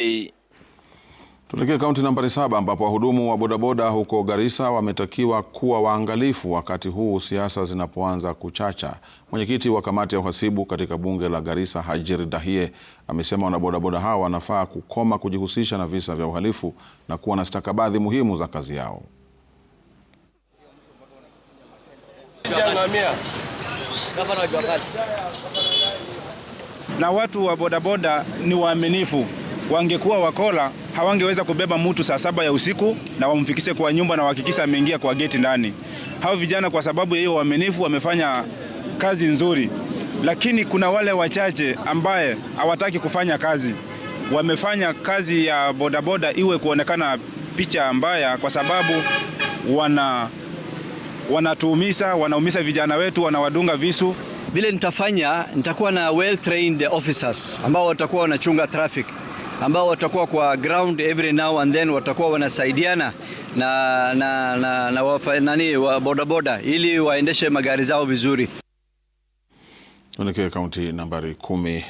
E. Tuelekee kaunti nambari saba ambapo wahudumu wa bodaboda huko Garissa wametakiwa kuwa waangalifu wakati huu siasa zinapoanza kuchacha. Mwenyekiti wa kamati ya uhasibu katika bunge la Garissa, Hajir Dahie, amesema wanabodaboda hao wanafaa kukoma kujihusisha na visa vya uhalifu na kuwa na stakabadhi muhimu za kazi yao. Na watu wa bodaboda ni waaminifu wangekuwa wakola hawangeweza kubeba mtu saa saba ya usiku na wamfikishe kwa nyumba na wahakikisha ameingia kwa geti ndani. Hao vijana kwa sababu ya hiyo uaminifu wamefanya kazi nzuri, lakini kuna wale wachache ambaye hawataki kufanya kazi. Wamefanya kazi ya bodaboda iwe kuonekana picha mbaya, kwa sababu wana wanatuumiza, wanaumiza vijana wetu, wanawadunga visu vile nitafanya nitakuwa na well trained officers ambao watakuwa wanachunga traffic ambao watakuwa kwa ground every now and then, watakuwa wanasaidiana na, na, na, na wafa, nani wa bodaboda ili waendeshe magari zao vizuri. Tuelekee kaunti nambari kumi.